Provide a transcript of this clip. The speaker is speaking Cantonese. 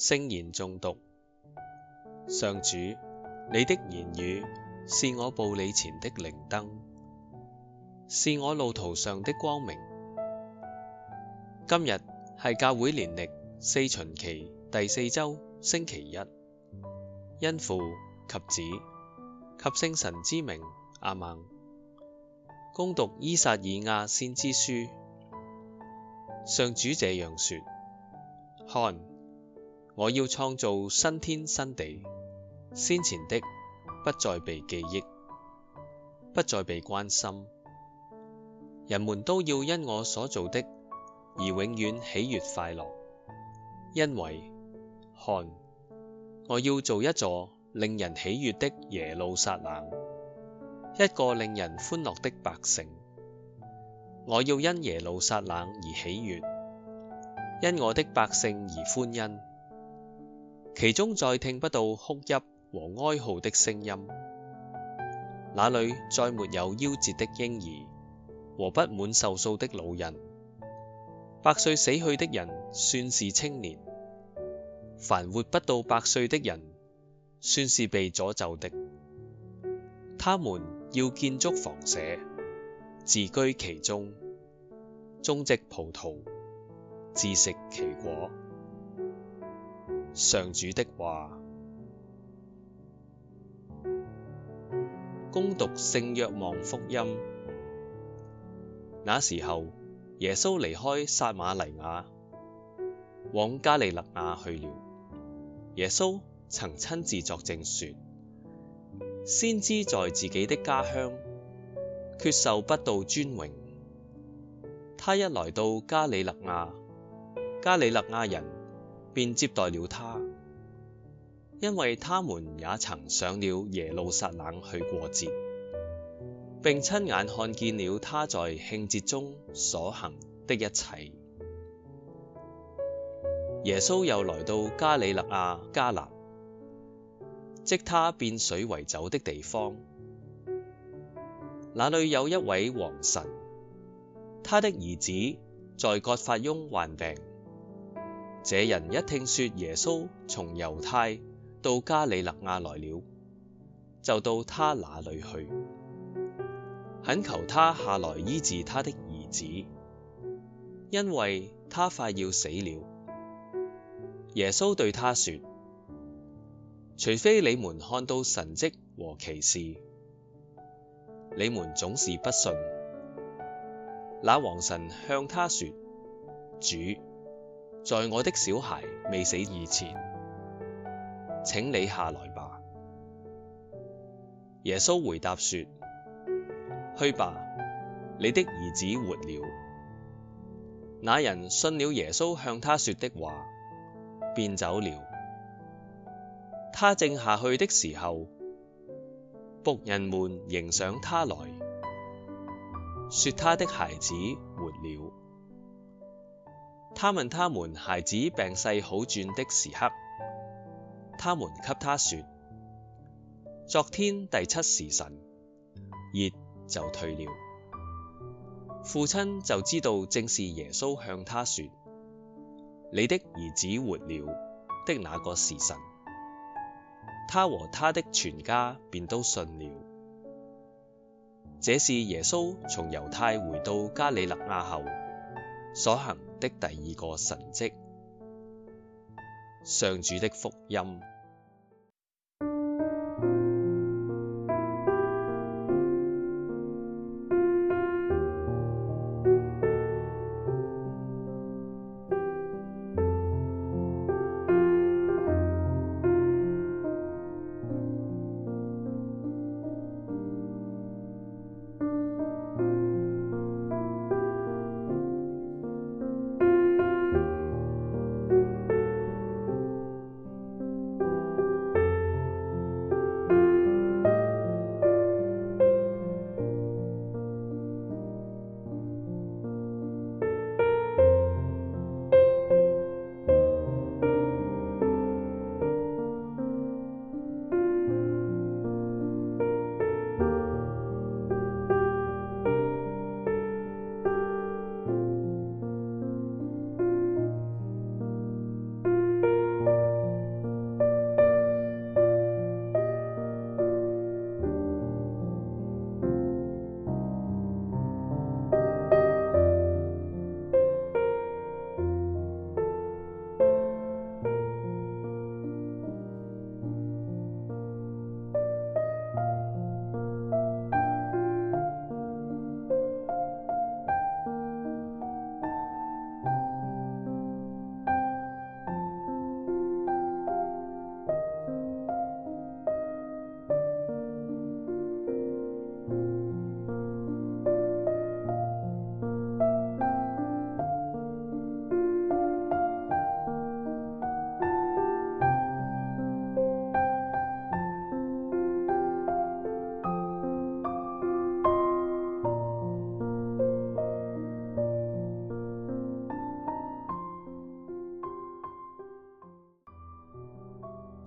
聲言中毒。上主，你的言語是我步你前的靈燈，是我路途上的光明。今日係教會年曆四旬期第四周星期一，因父及子及聖神之名，阿孟。攻讀伊撒意亞先知書，上主這樣說：看。我要創造新天新地，先前的不再被記憶，不再被關心。人們都要因我所造的而永遠喜悦快樂，因為，看，我要造一座令人喜悦的耶路撒冷，一個令人歡樂的百姓。我要因耶路撒冷而喜悦，因我的百姓而歡欣。其中再聽不到哭泣和哀號的聲音，那裏再沒有夭折的嬰兒和不滿壽數的老人，百歲死去的人算是青年，凡活不到百歲的人算是被詛咒的。他們要建築房舍，自居其中，種植葡萄，自食其果。上主的話。恭讀聖若望福音。那時候，耶穌離開撒瑪黎雅，往加里肋亞去了。耶穌曾親自作證說：先知在自己的家鄉，決受不到尊榮。他一來到加里肋亞，加里肋亞人，便接待了他，因為他們也曾上了耶路撒冷去過節，並親眼看見了他在慶節中所行的一切。耶穌又來到加里肋亞加納，即他變水為酒的地方，那裡有一位王臣，他的兒子在葛法翁患病。這人一聽說耶穌從猶太到加里肋亞來了，就到他那裡去，懇求他下來醫治他的兒子，因為他快要死了。耶穌對他說：除非你們看到神蹟和奇事，你們總是不信。那王臣向他說：主。在我的小孩未死以前，請你下來吧。耶穌回答說：去吧，你的兒子活了。那人信了耶穌向他說的話，便走了。他正下去的時候，僕人們迎上他來，說他的孩子活了。他問他們孩子病勢好轉的時刻，他們給他說：昨天第七時辰，熱就退了。父親就知道正是耶穌向他說：你的兒子活了的那個時辰。他和他的全家便都信了。這是耶穌從猶太回到加里肋亞後所行的第二個神蹟。上主的福音。